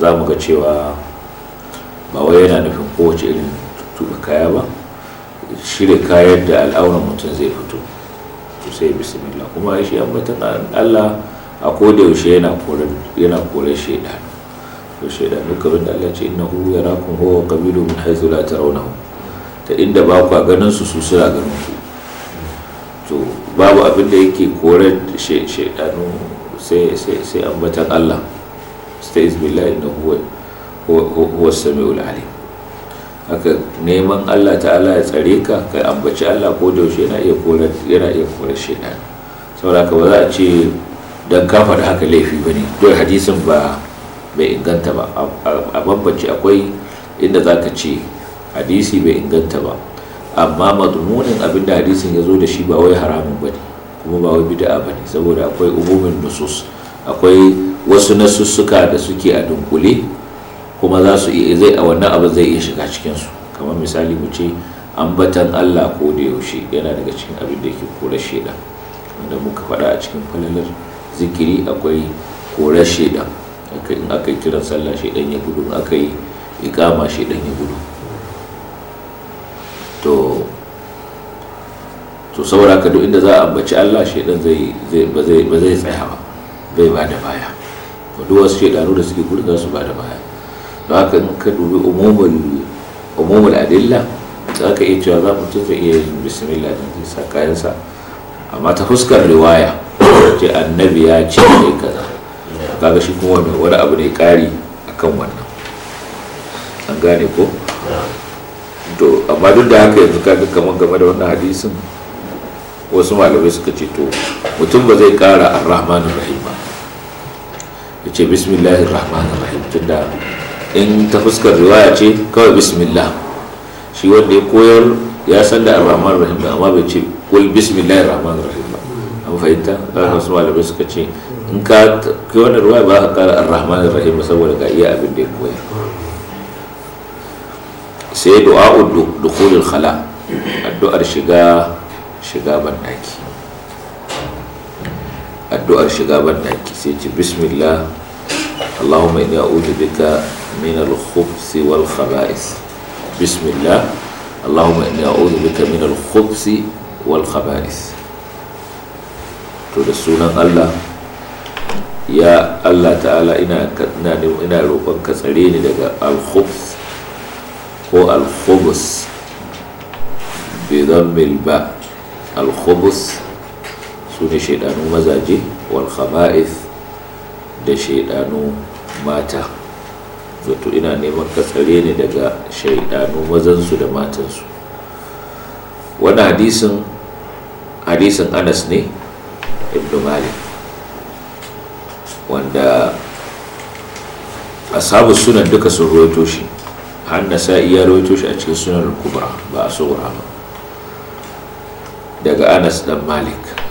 za mu ga cewa ba wai yana nufin kowace irin tuba kaya ba shirya kayan da al'aunar mutum zai fito to sai bismillah kuma shi Allah a kodayaushe yaushe yana korar yana korar shaidan to shaidan kamar da Allah ce innahu yarakum huwa qabilu min haythu la tarawnahum ta inda ba ku ganin su su suna ganin ku to babu abin da yake korar shaidanu sai an sai Allah stays بالله انه huwa huwa sami'ul السميع haka neman Allah ta'ala ya tsare ka kai ambaci Allah ko da yaushe yana iya korar yana iya saboda ka ba ce dan ka faɗi haka laifi bane dole hadisin ba bai inganta ba a bambance akwai inda zaka ce hadisi bai inganta ba amma madmunin abinda hadisin ya zo da shi ba wai haramun bane kuma ba wai bid'a bane saboda akwai umumin nusus akwai wasu nasussuka da suke a dunkule kuma za su iya zai a wannan abin zai iya shiga cikinsu kamar misali mu ce ambatan allah ko da yaushe yana daga cikin abin da yake kora shaidan wanda muka faɗa a cikin falalar zikiri akwai kore sheda in aka yi kiran sallah shaidan ya gudu in aka yi ikama shaidan ya gudu to to saboda ka duk inda za a ambaci allah shaidan ba zai tsaya ba bai ba da baya ba duk wasu shekaru da suke gurga su ba da baya don haka in ka dubi umumul adilla za ka iya cewa za mu tafi iya yin bismillah don ta sa kayansa amma ta fuskar riwaya ce annabi ya ce ne kaza kaga shi kuma wani abu ne kari akan wannan an gane ko to amma duk da haka yanzu kaga kamar game da wannan hadisin wasu malamai suka ce to mutum ba zai kara ar-rahmanir rahim ba ya ce bismillah rahman rahim tunda in ta fuskar riwaya ce kawai bismillah shi wanda ya koyar ya san da rahman rahim da amma bai ce kul bismillah rahman rahim ba an fahimta za wasu malamai suka ce in ka kai wannan riwaya ba ka kara rahman rahim saboda ka iya abin da ya koyar sai du'a'u dukhulul khala addu'ar shiga shiga bandaki addu'ar shiga banɗaki sai ce bismillah allahumma inni a'udhu bika min al wal khaba'is bismillah bika min al-khubthi wal khaba'is to da sunan Allah ya Allah ta'ala ina ina ina roƙon ka tsare ni daga al ko al-khubus bi dhammil ba al su ne shaidanu mazaje wal da shaidanu mata zato ina neman katsare ne daga shaidanu mazansu da matansu wani hadisin hadisin anas ne ibn malik wanda asabu sunan duka sun rawaito shi har nasa'i ya rawaito shi a cikin sunan kubra ba a tsohura ba daga anas dan malik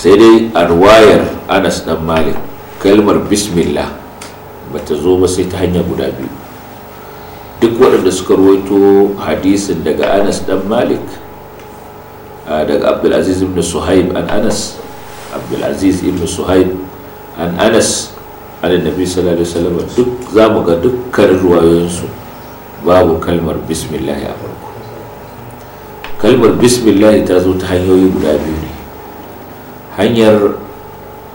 sai dai a ruwayar anas dan malik kalmar bismillah bata zo ba sai ta hanya guda biyu duk waɗanda suka ruwaito hadisin daga anas dan malik daga abdulaziz ibn suhaib an anas abdulaziz ibn suhaib an anas an annabi sallallahu alaihi wasallam duk mu ga dukkan ruwayoyinsu babu kalmar bismillah a farko kalmar bismillah ta zo ta hanyoyi guda biyu ne hanyar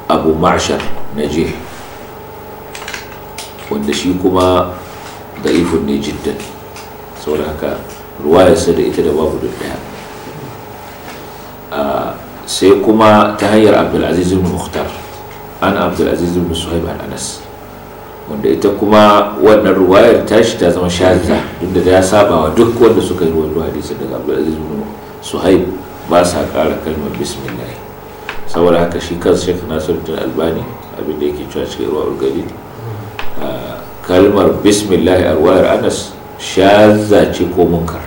abu ma'ashar na je wanda shi kuma da ifin ne jiddan saboda haka ruwayarsa da ita da babu duk daya ah, sai kuma ta hanyar abdulaziz ibn mukhtar an abdulaziz ibn suhaib an anas wanda ita kuma wannan ruwayar tashi ta zama shaza duk da ya saba wa duk wanda suka yi ruwan ruwa daga abdulaziz ibn suhaib ba sa kara kalmar bismillah saboda haka shi kansa shek nasiruddin albani abinda yake cewa cikin ruwa gari kalmar bismillahi arwayar anas shazza ce ko munkar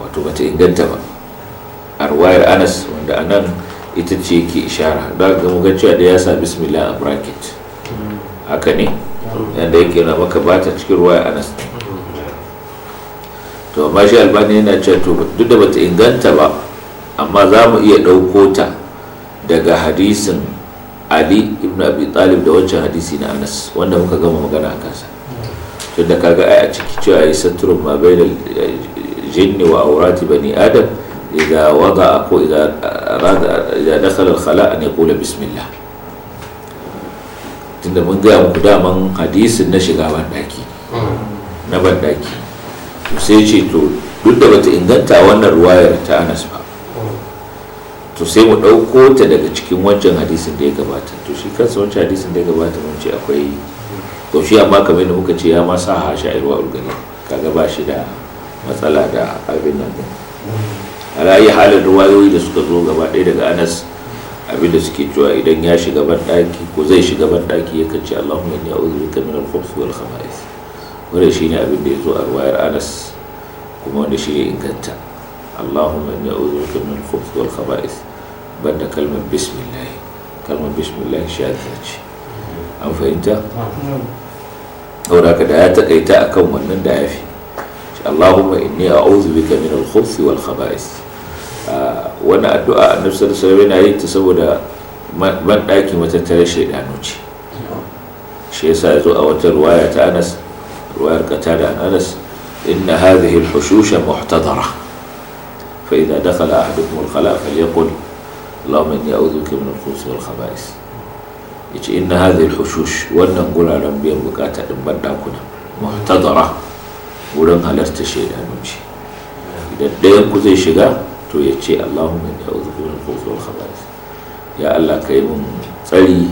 wato bata inganta ba arwayar anas wanda anan ita ce yake ishara da ga mu cewa da ya sa bismillah a bracket haka ne yadda yake na maka bata cikin ruwayar anas to amma shi albani yana cewa to duk da bata inganta ba amma za mu iya ɗauko ta daga hadisin ali ibn abi talib da wancan hadisi na anas wanda muka gama magana a kansa tun da kaga ai a ciki cewa yi saturun ma bai da eh, jinni wa aurati bani adam idza wada ko idza arada eh, idza dakhala al khala an yaqula bismillah tunda mun ga muku daman hadisin na shiga daki na ban daki sai ce to duk da bata inganta wannan ruwayar ta anas ba to sai mu ɗauko ta daga cikin wancan hadisin da ya gabata to shi kansa wancan hadisin da ya gabata mun ce akwai to shi amma kamar yadda muka ce ya ma sa ha irwa urgani kaga ba shi da matsala da abin nan ala yi halin ruwayoyi da suka zo gaba ɗaya daga anas abin da suke cewa idan ya shiga ban ɗaki ko zai shiga ban ɗaki yakan ce allahumma inni a'udhu bika min al khubs wal khaba'is wannan shine abin da ya zo a ruwayar anas kuma wanda shi ya inganta allahumma inni a'udhu bika min al khubs wal khaba'is banda kalmar bismillah kalmar bismillah shadda ce an fahimta saboda haka da ya takaita kan wannan da yafi Allahumma inni a'udhu bika min al-khubuthi wal khaba'ith wani addu'a a sallallahu alaihi yana yin ta saboda man daki matattare shaidanu ce shi yasa yazo a wata ruwaya ta Anas ruwayar Qatada an Anas inna hadhihi al-hushusha muhtadara fa idha dakhala ahadukum al-khala' falyaqul اللهم إني أعوذ بك من الخبث والخبائث yace inna hadhihi al-hushush wannan guraren biyan bukata ɗin banda kuna wurin halarta shaidanu ce ɗayan ku zai shiga to ya ce Allahumma inni a'udhu bika min al-khubuthi wal khaba'ith ya Allah kai mun tsari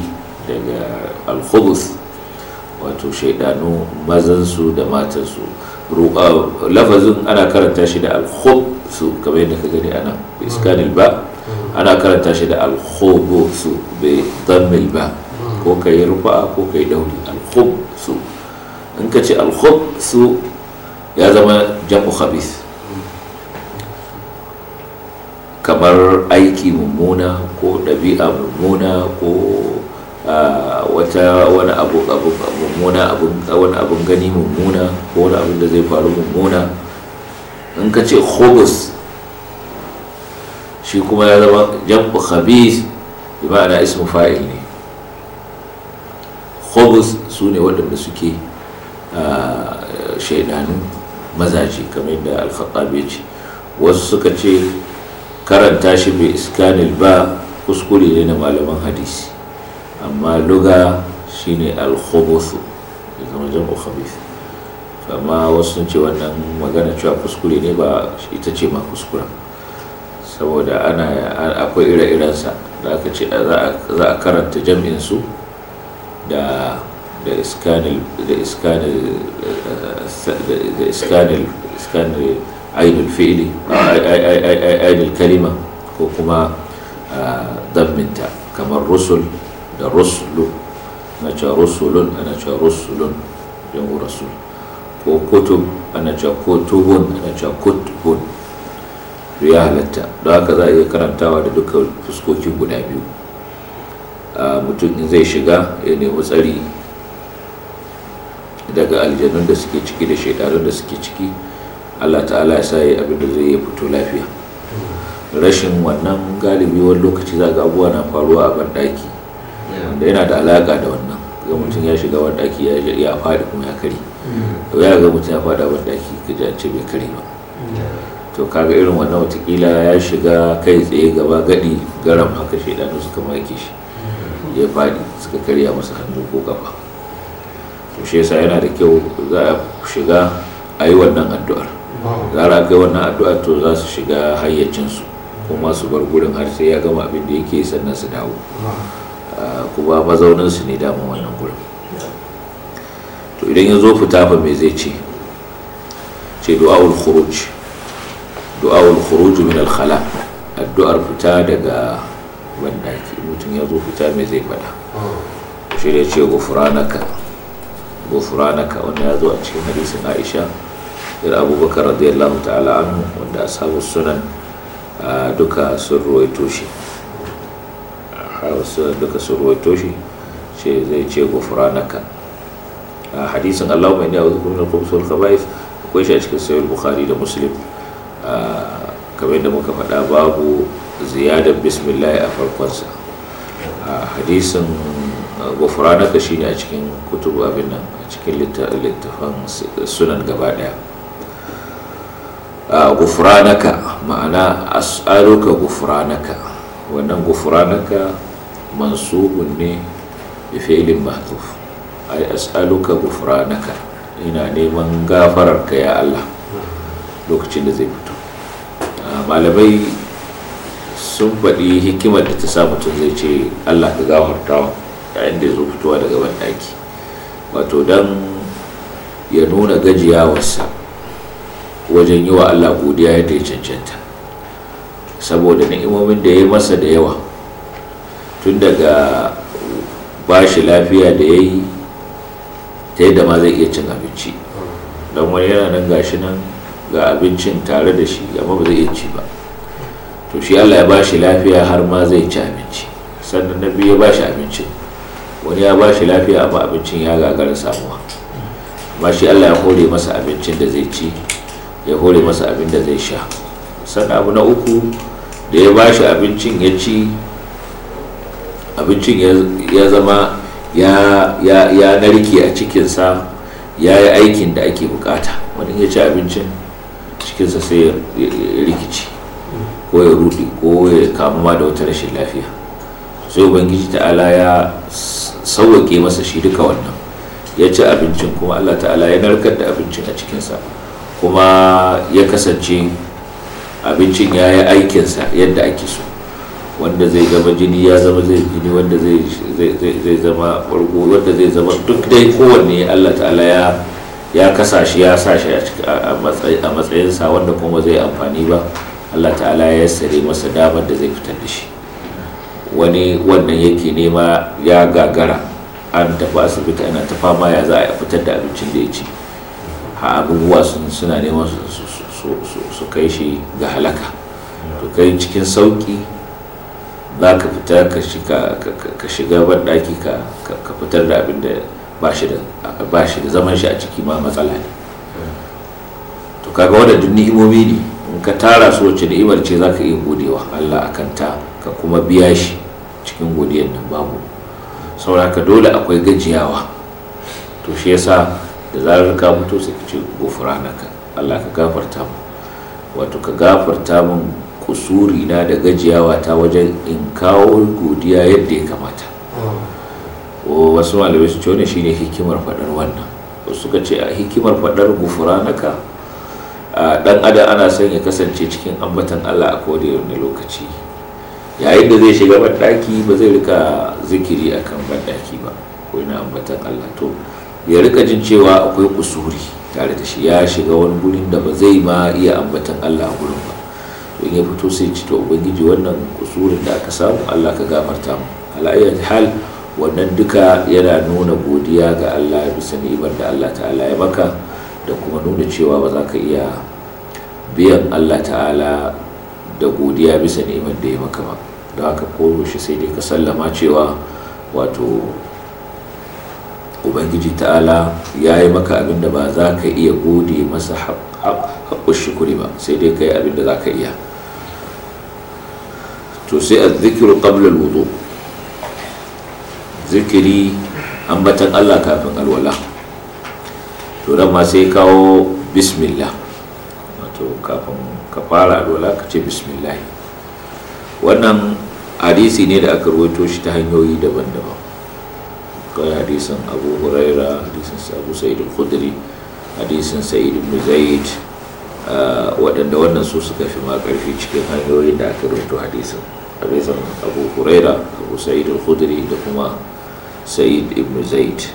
daga al wato shaidanu mazan su da matan su lafazin ana karanta shi da al su kamar yadda ka gani ana bi iskanil ba' ana karanta shi da alkhubusu bai zammil ba ko ka yi rufa ko ka yi dauri in ka ce alkhubusu ya zama jam'u khabis kamar aiki mummuna ko ɗabi'a mummuna ko wata wani abu mummuna wani abun gani mummuna ko wani abun da zai faru mummuna in ka ce khubus shi kuma ya zama jam'u khabis bi ma'ana ismu fa'il ne khubus su ne waɗanda suke shaidanu mazaje kamar da alkhattabi ce wasu suka ce karanta shi mai iskanil ba kuskure ne na malaman hadisi amma luga shine alkhubusu ya zama jam'u khabis amma wasu sun ce wannan magana cewa kuskure ne ba ita ce ma kuskura saboda ana akwai ire-irensa da aka ce za a karanta jam'in su da da iskanil da iskanil kalima ko kuma damminta kamar rusul da rusulu na ce rusulun ana ce rusulun rasul ko kutub ana ce kutubun ana kutubun to ya halatta don haka za a iya karantawa da dukkan fuskokin guda biyu mutum in zai shiga ya nemi tsari daga aljanun da suke ciki da shaidanun da suke ciki allah ta'ala ya sa yi abin da zai iya fito lafiya rashin wannan galibi wani lokaci za ga abuwa na faruwa a banɗaki wanda yana da alaka da wannan ga mutum ya shiga banɗaki ya faɗi kuma ya kari mm. ya ga mutum ya faɗa banɗaki ka ce bai kare ba to kaga irin wannan watakila ya shiga kai tsaye gaba gadi garan haka shaidanu suka make shi ya fadi suka karya masa hannu ko gaba to shi yasa yana da kyau za a shiga a yi wannan addu'ar gara kai wannan addu'ar to za su shiga hayyacinsu kuma su bar gurin har sai ya gama abin da yake sannan su dawo ah, kuma mazauninsu ne daman wannan gurin to idan ya zo fita fa me zai ce ce du'a'ul khuruj du'awul khuruj min al khala addu'ar fita daga bandaki mutum ya zo fita me zai fada shi da ce gufranaka gufranaka wanda ya zo a cikin hadisin Aisha da Abubakar radiyallahu ta'ala anhu wanda ashabu sunan duka sun ruwaito shi duka sun ruwaito shi ce zai ce gufranaka hadisin Allahumma inni a'udhu bika min al-khubuthi wal khaba'ith akwai shi a cikin sayar Bukhari da Muslim kamar da muka faɗa babu ziyadar bismillah a farkonsa a hadisin gufranaka shi ne a cikin kutubu abin nan a cikin littafan sunan gaba ɗaya gufranaka ma'ana as'aluka gufranaka wannan gufranaka mansubun ne bi fi'lin mahtuf ai as'aluka gufranaka ina neman gafararka ya Allah lokacin da zai fito malamai sun faɗi hikimar da ta sa mutum zai ce allah ka gafarta yayin da ya zo fitowa daga banɗaki wato don ya nuna gajiyawarsa wajen yi wa allah godiya yadda ya cancanta saboda ni'imomin da ya yi masa da yawa tun daga bashi lafiya da ya yi ta yadda ma zai iya cin abinci don wani yana nan gashi nan ga abincin tare da shi amma ba zai iya ci ba to shi allah ya bashi lafiya har ma zai ci abinci sannan na biyu ya bashi abincin wani ya bashi lafiya amma abincin ya gagara samuwa amma shi allah ya hore masa abincin da zai ci ya hore masa abin da zai sha sannan abu na uku da ya bashi abincin ya ci abincin ya zama ya narke a cikinsa ya yi aikin da ake bukata wani ya ci abincin cikinsa sai ya rikici ko ya rudi ko ya kamuwa da wata rashin lafiya sai ubangiji ta'ala ya sauwake masa shi duka wannan ya ci abincin kuma allah ta'ala ya narkar da abincin a cikinsa kuma ya kasance abincin ya yi aikinsa yadda ake so wanda zai zama jini ya zama zai jini wanda zai zama wanda zai zama duk dai kowanne allah ta'ala ya ya kasa shi ya sa shi a sa wanda kuma zai amfani ba allah ta'ala ya sare masa damar da zai fitar da shi wani wannan yake nema ya gagara an tafi asibiti ana ta fama ya za a fitar da abincin da ya ci a abubuwa suna neman su kai shi ga halaka to kai cikin sauki za ka fita ka shiga banɗaki ka fitar da abin da ba shi da zaman shi a ciki ma matsala ne to kaga wadda duk ni'imomi ne in ka tara su wacce ni'imar ce za ka iya godewa Allah a kanta ka kuma biya shi cikin godiyar nan babu Saura ka dole akwai gajiyawa to shi yasa da zarar ka mutu sai ka ce gofuranaka Allah ka gafarta mu wato ka gafarta mun kusuri na da gajiyawa ta wajen in kawo godiya yadda ya kamata mm. wasu malamai su ce wani shine hikimar faɗar wannan suka ce a hikimar faɗar gufura naka dan adam ana son ya kasance cikin ambatan Allah a wani lokaci yayin da zai shiga banɗaki ba zai rika zikiri akan banɗaki ba ko ina ambatan Allah to ya rika jin cewa akwai kusuri tare da shi ya shiga wani gurin da ba zai ma iya ambatan Allah a gurin ba to in ya fito sai ci to ubangiji wannan kusurin da aka samu Allah ka gafarta mu ala hal wannan duka yana nuna godiya ga Allah bisa ni'imar da Allah ta'ala ya maka da kuma nuna cewa ba za ka iya biyan Allah ta'ala da godiya bisa ni'imar da ya maka ba da haka koro shi sai dai ka sallama cewa wato ubangiji ta'ala ya yi maka abin da ba za ka iya gode masa haƙƙun shukuri ba sai dai ka yi abin da za ka iya to sai a zikiru ƙablar wudu zikiri ambatan Allah kafin alwala to ma sai kawo bismillah wato kafin ka fara alwala ka ce bismillah wannan hadisi ne da aka rawaito shi ta hanyoyi daban-daban kai hadisin abu huraira hadisin abu sa'id al-khudri hadisin sa'id ibn ah, waɗanda wannan su suka fi ma ƙarfi cikin hanyoyin da aka rawaito hadisin hadisin abu huraira abu sa'id al-khudri da kuma sa'id ibn zaid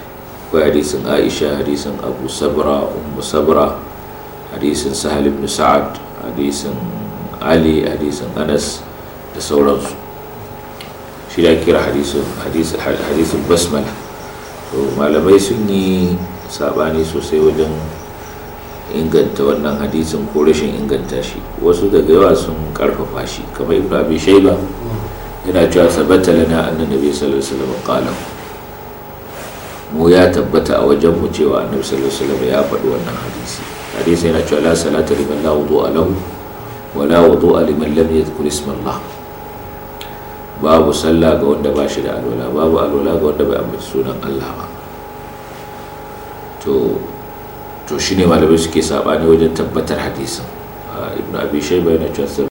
akwai hadisin aisha hadisin abu sabra ummu sabra hadisin sahal ibn sa'ad hadisin ali hadisin anas da sauransu shi da kira hadisin basmala to malamai sun yi sabani sosai wajen inganta wannan hadisin ko rashin inganta shi wasu daga yawa sun karfafa shi kamar ibn abi yana cewa sabata lana annan nabi sallallahu alaihi wasallam qala mu ya tabbata a wajen mu cewa annabi sallallahu alaihi wasallam ya faɗi wannan hadisi hadisi yana cewa la salata liman la wudu'a lahu wa la wudu'a liman lam yadhkur ismallah babu sallah ga wanda ba shi da alwala babu alwala ga wanda bai ambaci sunan Allah ba to to shine malamai suke sabani wajen tabbatar hadisin ah, ibnu abi shayba yana cewa